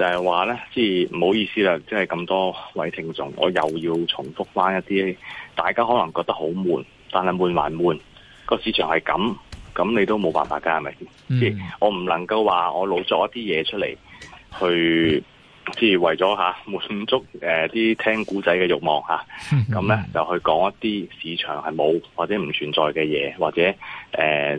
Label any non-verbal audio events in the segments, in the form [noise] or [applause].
就係話咧，即係唔好意思啦，即係咁多位聽眾，我又要重複翻一啲大家可能覺得好悶，但係悶還悶個市場係咁，咁你都冇辦法㗎，係咪？即係、mm. 我唔能夠話我老作一啲嘢出嚟去，即係為咗嚇、啊、滿足誒啲、呃、聽古仔嘅慾望嚇，咁、啊、咧就去講一啲市場係冇或者唔存在嘅嘢，或者誒、呃、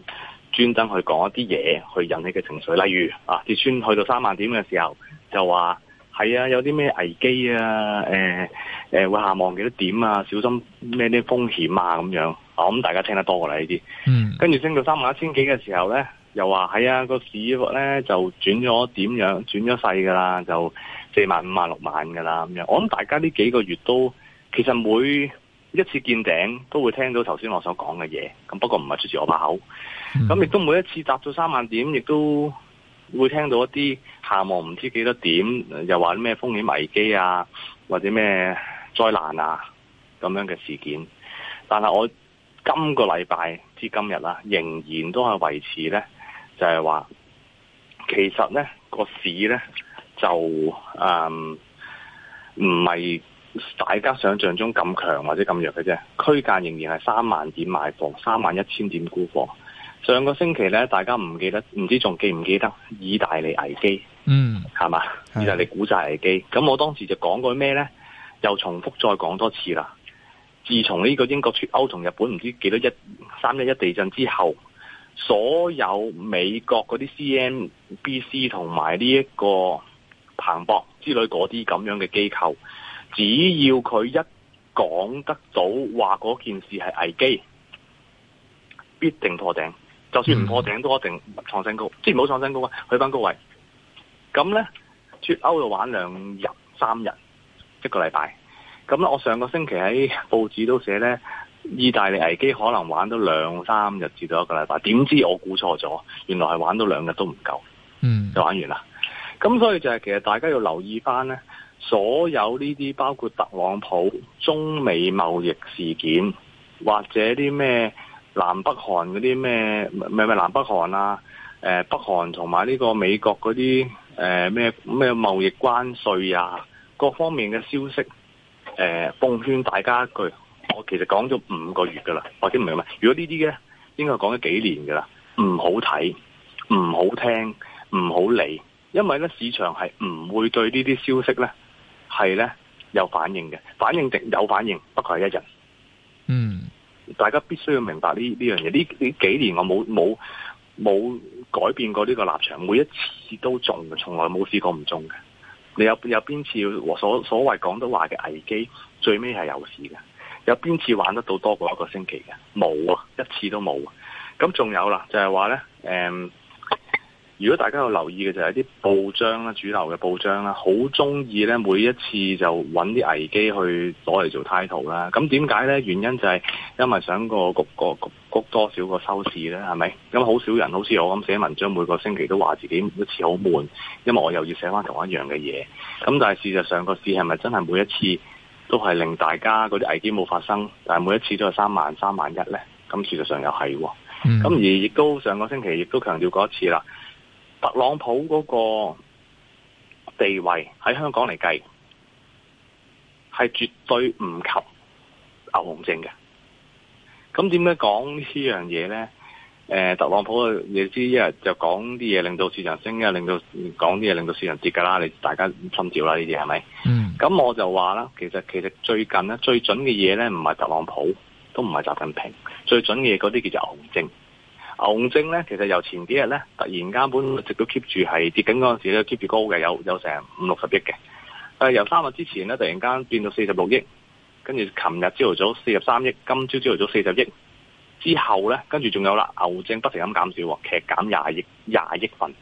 專登去講一啲嘢去引起嘅情緒，例如啊，跌穿去到三萬點嘅時候。就話係啊，有啲咩危機啊？誒、欸、誒、欸，會下望幾多點啊？小心咩啲風險啊？咁樣，我諗大家聽得多啦呢啲。嗯，跟住升到三萬一千幾嘅時候咧，又話係啊，個市咧就轉咗點樣？轉咗細㗎啦，就四萬、五萬、六萬㗎啦咁樣。我諗大家呢幾個月都其實每一次見頂都會聽到頭先我所講嘅嘢，咁不過唔係出自我把口。咁亦、嗯、都每一次達到三萬點，亦都，會聽到一啲下望唔知幾多點，又話咩風險危機啊，或者咩災難啊咁樣嘅事件。但係我今個禮拜至今日啦、啊，仍然都係維持呢，就係、是、話其實呢、呢個市呢，就誒唔係大家想象中咁強或者咁弱嘅啫，區間仍然係三萬點買貨，三萬一千點沽貨。上個星期咧，大家唔記得，唔知仲記唔記得意大利危機，嗯，係嘛吧？意大利股債危機，咁我當時就講過咩呢？又重複再講多次啦。自從呢個英國脫歐同日本唔知幾多一三一一地震之後，所有美國嗰啲 CNBC 同埋呢一個彭博之類嗰啲咁樣嘅機構，只要佢一講得到話嗰件事係危機，必定破頂。就算唔破頂都一定創新高，即係唔好創新高啊，去翻高位。咁呢脫歐就玩兩日，三日一個禮拜。咁我上個星期喺報紙都寫呢，意大利危機可能玩到兩三日至到一個禮拜。點知我估錯咗，原來係玩到兩日都唔夠，嗯，就玩完啦。咁所以就係其實大家要留意翻呢，所有呢啲包括特朗普中美貿易事件或者啲咩？南北韓嗰啲咩？唔係唔係南北韓啊？誒、呃，北韓同埋呢個美國嗰啲誒咩咩貿易關稅啊，各方面嘅消息，誒、呃，奉勸大家一句，我其實講咗五個月噶啦，或者唔明白，如果這些呢啲咧，應該講咗幾年噶啦，唔好睇，唔好聽，唔好理，因為咧市場係唔會對呢啲消息咧係咧有反應嘅，反應定有反應，不過係一日，嗯。大家必須要明白呢呢樣嘢，呢呢幾年我冇冇冇改變過呢個立場，每一次都中，從來冇試過唔中嘅。你有有邊次所所謂講得話嘅危機，最尾係有事嘅？有邊次玩得到多過一個星期嘅？冇啊，一次都冇啊。咁仲有啦，就係話咧，嗯如果大家有留意嘅就係、是、啲報章啦，主流嘅報章啦，好中意咧每一次就揾啲危機去攞嚟做 title 啦。咁點解咧？原因就係因為想個局谷谷多少個收市咧，係咪？咁好少人，好似我咁寫文章，每個星期都話自己一次好悶，因為我又要寫翻同一樣嘅嘢。咁但係事實上個市係咪真係每一次都係令大家嗰啲危機冇發生？但係每一次都係三萬三萬一咧。咁事實上又係喎。咁、嗯、而亦都上個星期亦都強調過一次啦。特朗普嗰個地位喺香港嚟計，係絕對唔及牛熊證嘅。咁點解講呢樣嘢咧？誒，特朗普你知，一日就講啲嘢令到市場升，又令到講啲嘢令到市場跌㗎啦。你大家心照啦，呢啲係咪？咁、嗯、我就話啦，其實其實最近咧最準嘅嘢咧，唔係特朗普，都唔係習近平，最準嘅嘢嗰啲叫做牛熊證。牛證咧，其實由前幾日咧，突然間本一直都 keep 住係跌緊嗰陣時咧，keep 住高嘅，有有成五六十億嘅。誒，由三日之前咧，突然間變到四十六億，跟住琴日朝頭早四十三億，今朝朝頭早四十億之後咧，跟住仲有啦，牛證不停咁減少，劇減廿億廿億份。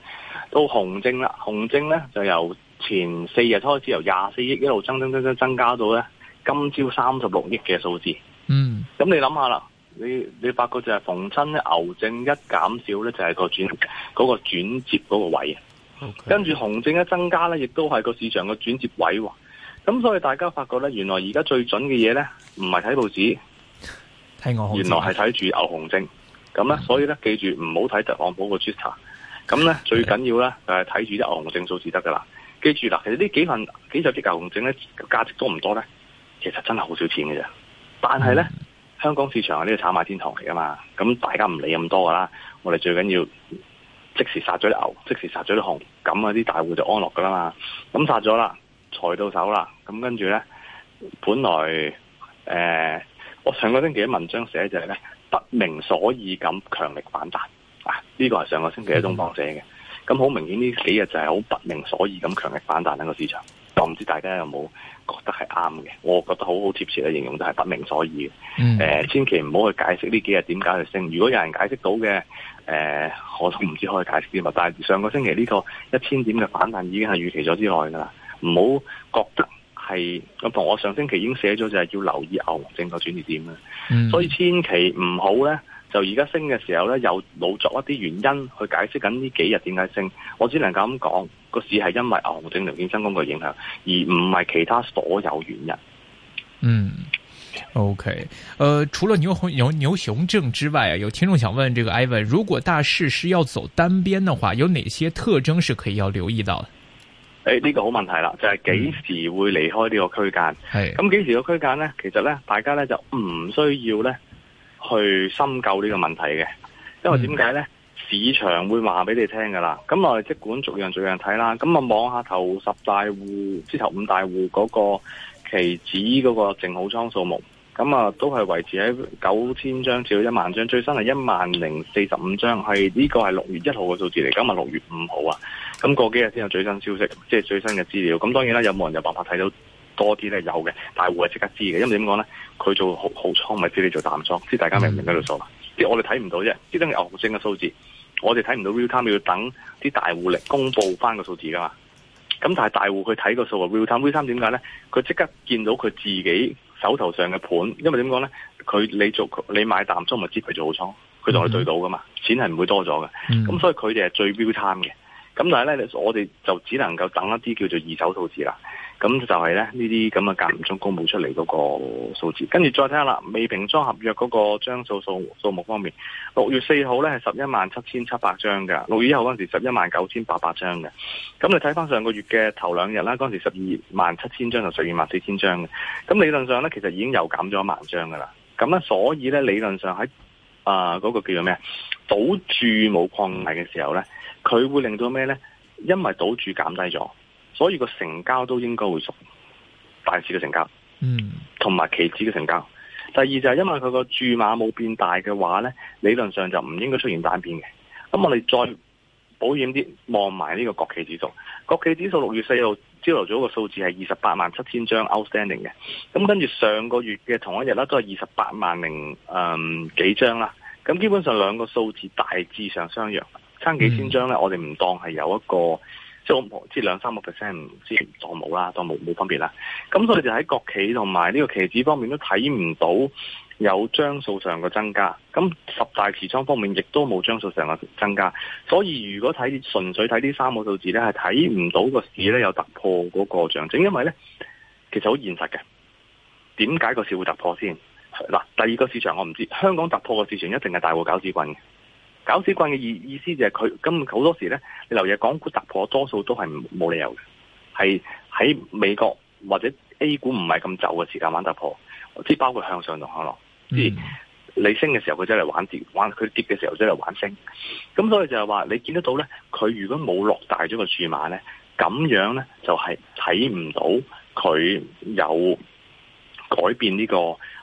到熊證啦，熊證咧就由前四日開始由廿四億一路增增增增增加到咧，今朝三十六億嘅數字。嗯。咁你諗下啦。你你發覺就係逢親咧，牛證一減少咧就係、是、個轉嗰、那個轉接嗰個位，Okay. 跟住熊證一增加咧，亦都係個市場個轉接位喎。咁所以大家發覺咧，原來而家最準嘅嘢咧，唔係睇報紙，聽我紅原來係睇住牛熊證。咁咧、嗯，所以咧記住唔好睇特朗普個 twitter。咁咧最緊要咧就係睇住啲牛熊證數字得噶啦。記住啦，其實呢幾份幾隻隻牛熊證咧價值多唔多咧？其實真係好少錢嘅啫。嗯、但係咧。香港市場係呢個炒賣天堂嚟㗎嘛，咁大家唔理咁多噶啦，我哋最緊要即時殺咗啲牛，即時殺咗啲熊，咁嗰啲大戶就安樂噶啦嘛，咁殺咗啦，財到手啦，咁跟住呢，本來誒、呃，我上個星期嘅文章寫就係呢：「不明所以咁強力反彈，啊，呢、這個係上個星期喺東方寫嘅，咁好、嗯、明顯呢幾日就係好不明所以咁強力反彈呢個市場。我唔知大家有冇覺得係啱嘅？我覺得好好貼切嘅形容都係不明所以嘅、嗯呃。千祈唔好去解釋呢幾日點解去升。如果有人解釋到嘅、呃，我都唔知可以解釋啲乜。但係上個星期呢個一千點嘅反彈已經係預期咗之內㗎啦。唔好覺得係咁同我上星期已經寫咗，就係要留意牛熊證個轉捩點啦。嗯、所以千祈唔好咧。就而家升嘅時候咧，又老作一啲原因去解釋緊呢幾日點解升？我只能夠咁講，個市係因為牛熊證良健生工嘅影響，而唔係其他所有原因。嗯，OK，誒、呃，除了牛熊牛牛熊證之外，有聽眾想問，這個 Ivan，如果大市是要走單邊的話，有哪些特徵是可以要留意到？誒、欸，呢、這個好問題啦，就係、是、幾時會離開呢個區間？係咁幾時個區間呢？其實呢，大家呢就唔需要呢。去深究呢個問題嘅，因為點解呢？嗯、市場會話俾你聽噶啦，咁我哋即管逐樣逐樣睇啦。咁啊，望下頭十大戶之頭五大戶嗰個期指嗰個淨好倉數目，咁啊都係維持喺九千張至到一萬張，最新係一萬零四十五張，係呢個係六月一號嘅數字嚟，今日六月五號啊，咁過幾日先有最新消息，即係最新嘅資料。咁當然啦，有冇人有辦法睇到？多啲咧有嘅，大戶係即刻知嘅，因為點講咧？佢做好好倉，咪知你做淡倉，知大家明唔明喺度做？即係、mm hmm. 我哋睇唔到啫，即等牛股升嘅數字，我哋睇唔到 real。real time 要等啲大戶嚟公布翻個數字噶嘛？咁但係大戶佢睇個數啊，real time real time 點解咧？佢即刻見到佢自己手頭上嘅盤，因為點講咧？佢你做你買淡倉，咪知佢做好倉，佢就去對到噶嘛？Mm hmm. 錢係唔會多咗嘅，咁、mm hmm. 所以佢哋係最 real time 嘅。咁但係咧，我哋就只能夠等一啲叫做二手數字啦。咁就係咧呢啲咁嘅間唔中公布出嚟嗰個數字，跟住再睇下啦，未平倉合約嗰個張數數數目方面，六月四號咧係十一萬七千七百張嘅，六月一號嗰陣時十一萬九千八百張嘅，咁你睇翻上個月嘅頭兩日啦，嗰陣時十二萬七千張就十二萬四千張嘅，咁理論上咧其實已經又減咗一萬張噶啦，咁咧所以咧理論上喺啊嗰個叫做咩啊賭注冇擴大嘅時候咧，佢會令到咩咧？因為賭注減低咗。所以個成交都應該會縮大市嘅成交，嗯，同埋期指嘅成交。第二就係因為佢個注碼冇變大嘅話呢，理論上就唔應該出現單邊嘅。咁我哋再保險啲望埋呢個國企指數，國企指數六月四號朝頭早個數字係二十八萬七千張 outstanding 嘅。咁跟住上個月嘅同一日咧都係二十八萬零誒、嗯、幾張啦。咁基本上兩個數字大致上相若，差幾千張呢，我哋唔當係有一個。即兩三個 percent 唔知當冇啦，當冇冇分別啦。咁所以就喺國企同埋呢個期指方面都睇唔到有張數上嘅增加。咁十大持倉方面亦都冇張數上嘅增加。所以如果睇純粹睇呢三個數字呢，係睇唔到個市呢有突破嗰個象徵，因為呢其實好現實嘅。點解個市會突破先？嗱，第二個市場我唔知。香港突破個市場一定係大戶搞屎棍嘅。搞屎棍嘅意意思就係佢，咁好多時咧，你留意港股突破，多數都係冇理由嘅，係喺美國或者 A 股唔係咁走嘅時間玩突破，即係包括向上同向落，即係你升嘅時候佢真係玩跌，玩佢跌嘅時候真係玩升，咁所以就係話你見得到咧，佢如果冇落大咗個注碼咧，咁樣咧就係睇唔到佢有。改變呢個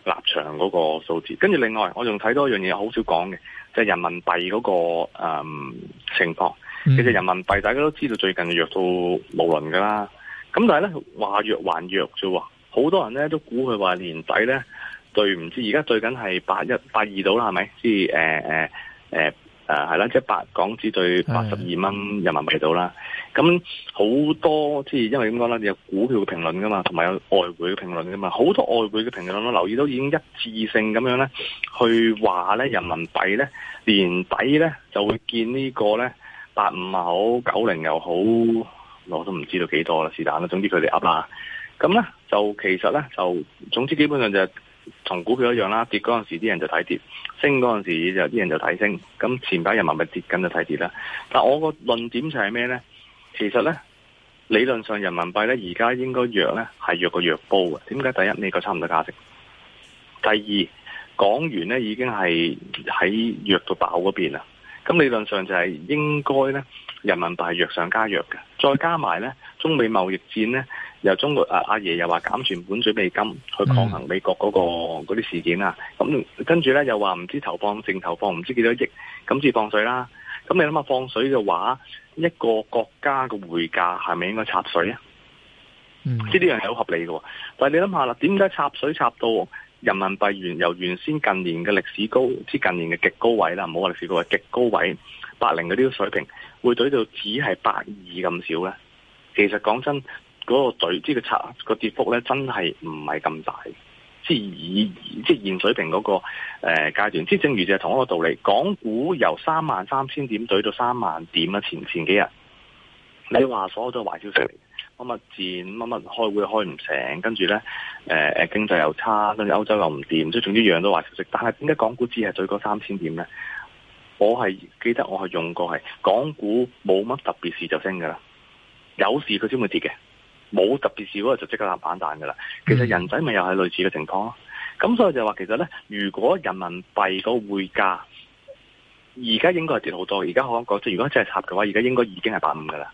立場嗰個數字，跟住另外我仲睇多一樣嘢，好少講嘅，就係、人民幣嗰、個、嗯、情況。其實人民幣大家都知道最近弱到無倫噶啦，咁但係咧話弱還弱啫喎，好多人咧都估佢話年底咧對唔知而家最近係八一八二到啦，係咪？即、就、係、是呃呃誒係啦，即係八港紙對八十二蚊人民幣到啦。咁好多即係因為點講咧？有股票嘅評論噶嘛，同埋有，有外匯嘅評論噶嘛。好多外匯嘅評論我留意到已經一次性咁樣咧，去話咧人民幣咧年底咧就會見呢個咧八五好九零又好，我都唔知道幾多啦，是但啦。總之佢哋噏啦。咁咧就其實咧就總之基本上就係。同股票一樣啦，跌嗰陣時啲人就睇跌，升嗰陣時就啲人就睇升。咁前排人民幣跌緊就睇跌啦。但我個論點就係咩呢？其實呢，理論上人民幣呢，而家應該弱呢，係弱過弱煲嘅。點解？第一，美國差唔多價值；第二，港元呢已經係喺弱到爆嗰邊啦。咁理論上就係應該呢，人民幣係弱上加弱嘅，再加埋呢，中美貿易戰呢。由中國啊，阿爺，爺又話減存款準備金去抗衡美國嗰、那個嗰啲、嗯、事件啦、啊。咁跟住咧又話唔知投放淨投放唔知幾多億，咁至放水啦。咁你諗下放水嘅話，一個國家嘅匯價係咪應該插水呢、嗯、啊？嗯，即呢樣係好合理嘅。但係你諗下啦，點解插水插到人民幣元由原先近年嘅歷史高，即近年嘅極高位啦，唔好話歷史高位極高位八零嗰啲水平，會對到只係八二咁少咧。其實講真。嗰個對，即係個差個跌幅咧，真係唔係咁大，即係以即係現水平嗰、那個誒階、呃、段。即係正如就係同一個道理，港股由三萬三千點懟到三萬點啦。前前幾日你話所有都係壞消息嚟，乜乜戰，乜乜開會都開唔成，跟住咧誒誒經濟又差，跟住歐洲又唔掂，即係總之樣樣都壞消息。但係點解港股只係懟嗰三千點咧？我係記得我係用過係，港股冇乜特別事就升噶啦，有事佢先會跌嘅。冇特別事嗰個就即刻攬板彈㗎喇。其實人仔咪又係類似嘅情況囉，咁所以就話其實呢，如果人民幣個匯價而家應該係跌好多，而家我唔可講即如果真係插嘅話，而家應該已經係八五㗎喇。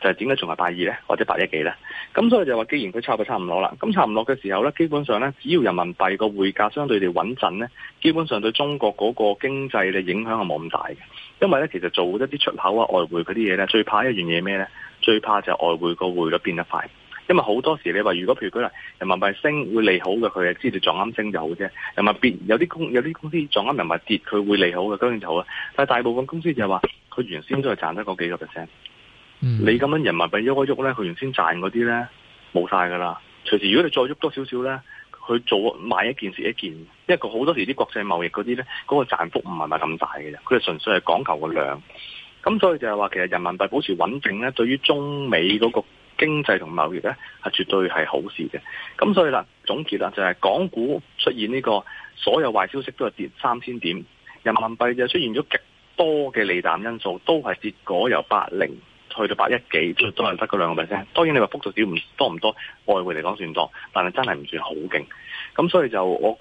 就係點解仲係八二呢？或者八一幾呢？咁所以就話，既然佢差到差唔落啦。咁差唔落嘅時候呢，基本上呢，只要人民幣個匯價相對地穩陣呢，基本上對中國嗰個經濟嘅影響係冇咁大嘅。因為呢，其實做一啲出口啊、外匯嗰啲嘢呢，最怕一樣嘢咩呢？最怕就係外匯個匯率變得快，因為好多時你話如果譬如佢話人民幣升會利好嘅，佢係知道撞啱升就好啫。人民幣有啲公有啲公司撞啱人民幣跌，佢會利好嘅，當然就好啦。但係大部分公司就話佢原先都係賺得嗰幾個 percent。嗯、你咁樣人民幣喐一喐咧，佢原先賺嗰啲咧冇晒㗎啦。隨時如果你再喐多少少咧，佢做買一件蝕一件，因為佢好多時啲國際貿易嗰啲咧，嗰、嗰個賺幅唔係咪咁大嘅啫？佢純粹係講求個量。咁所以就係話，其實人民幣保持穩定咧，對於中美嗰個經濟同貿易咧，係絕對係好事嘅。咁所以啦，總結啦，就係港股出現呢個所有壞消息都係跌三千點，人民幣就出現咗極多嘅利淡因素，都係結果由八零去到八一幾，都係得嗰兩個 percent。當然你話幅度少唔多唔多，外匯嚟講算多，但係真係唔算好勁。咁所以就我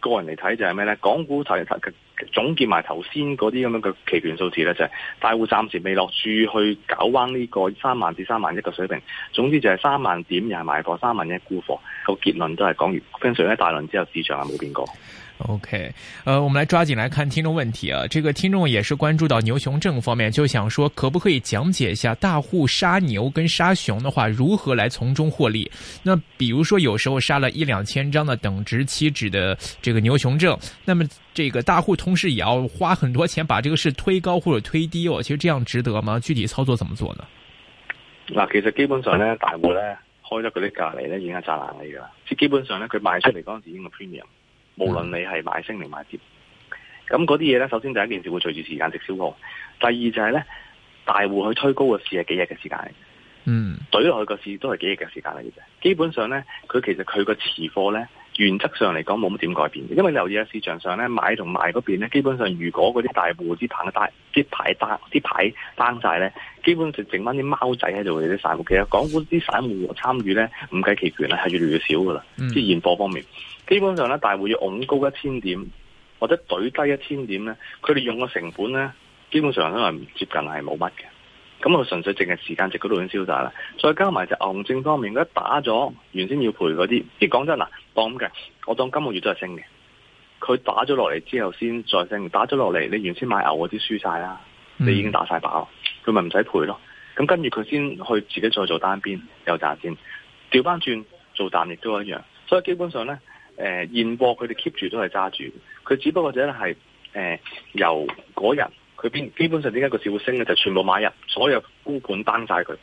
個人嚟睇就係咩咧？港股睇睇。總結埋頭先嗰啲咁樣嘅期權數字咧，就係、是、大戶暫時未落注去搞灣呢個三萬至三萬一個水平。總之就係三萬點又係買貨三萬一沽貨。那個結論都係講完，跟隨喺大輪之後，市場係冇變過。 [music] [music] OK，呃，我們來抓緊來看聽眾問題啊。這個聽眾也是關注到牛熊證方面，就想說可不可以講解一下大戶殺牛跟殺熊的話，如何來從中獲利？那比如說有時候殺了一兩千張的等值期指的這個牛熊證，那麼這個大戶同時也要花很多錢把這個市推高或者推低哦。其實這樣值得嗎？具體操作怎麼做呢？嗱，其實基本上呢，大戶呢開得嗰啲價嚟呢已經係賺硬利噶啦，即基本上呢，佢賣出嚟嗰陣時已經係個 premium。Mm. 無論你係買升定買跌，咁嗰啲嘢咧，首先第一一件事會隨住時間直消過。第二就係咧，大戶去推高個市係幾日嘅時間，嗯，懟落去個市都係幾日嘅時間嚟嘅啫。基本上咧，佢其實佢個持貨咧，原則上嚟講冇乜點改變，因為留意下市場上咧買同賣嗰邊咧，基本上如果嗰啲大戶啲棒大啲牌單啲牌單晒咧，基本就剩翻啲貓仔喺度嘅啲散戶。其實港股啲散戶參與咧，唔計期權呢，係越嚟越少噶啦，mm. 即係現貨方面。基本上咧，大戶要拱高一千點或者懟低一千點咧，佢哋用個成本咧，基本上都係唔接近是沒什麼的，係冇乜嘅。咁我純粹淨係時間值嗰度已經消晒啦。再加埋隻牛證方面，而打咗原先要賠嗰啲，即係講真啦，當嘅我當今個月都係升嘅。佢打咗落嚟之後先再升，打咗落嚟，你原先買牛嗰啲輸晒啦，你已經打晒把咯，佢咪唔使賠咯。咁跟住佢先去自己再做單邊又賺先，調翻轉做淡亦都一樣。所以基本上咧。誒、呃、現貨佢哋 keep 住都係揸住，佢只不過就係誒由嗰日佢邊基本上點解個市會升咧？就是、全部買入所有沽盤單曬佢，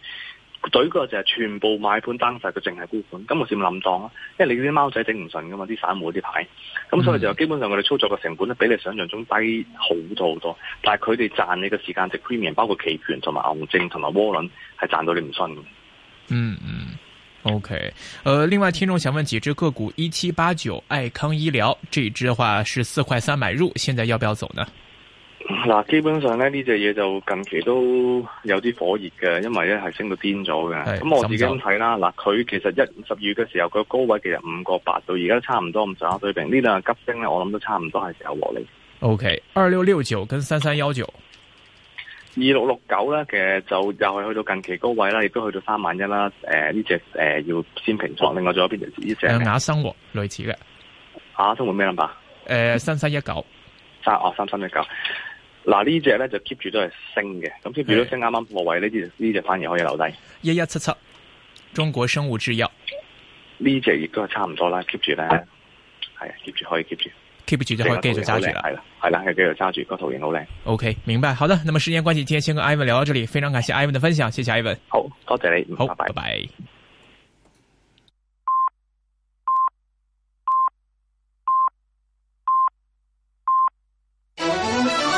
對個就係全部買盤單曬佢，淨係沽盤，咁我少冧檔咯？因為你啲貓仔頂唔順噶嘛，啲散戶啲牌，咁所以就基本上我哋操作嘅成本咧，比你想象中低好多好多。但係佢哋賺你嘅時間值 premium，包括期權同埋牛證同埋窩輪，係賺到你唔信嗯。嗯嗯。OK，誒、呃，另外聽眾想問幾支個股，一七八九愛康醫療，這支只話是四塊三買入，現在要不要走呢？嗱，基本上咧呢隻嘢，這個，就近期都有啲火熱嘅，因為咧係升到癲咗嘅。咁，哎，我自己睇啦，嗱，佢其實一十二月嘅時候佢高位其實五個八到，而家差唔多五十相對平，呢兩急升咧我諗都差唔多係時候落嚟。OK，二六六九跟三三幺九。二六六九咧，其實就又係去到近期高位啦，亦都去到三萬一啦。誒、呃，呢隻誒要先平倉，另外仲有邊隻呢隻？雅生活類似嘅，雅生活咩諗法？誒、呃，三三一九，三哦、啊，三三一九。嗱，隻呢隻咧就 keep 住都係升嘅，咁 keep 住都升啱啱破位呢啲，呢隻是反而可以留低。一一七七，中國生物製藥。呢隻亦都係差唔多啦，keep 住咧係 keep 住可以 keep 住。keep 住就可以，繼續揸住啦，係啦，係啦，係繼續揸住，個圖形好靚。這個、o、okay, K，明白，好的，那麼時間關係，今天先跟 Ivan 聊到這裏，非常感謝 Ivan 的分享，謝謝 Ivan。好，多謝你，拜拜好，拜拜。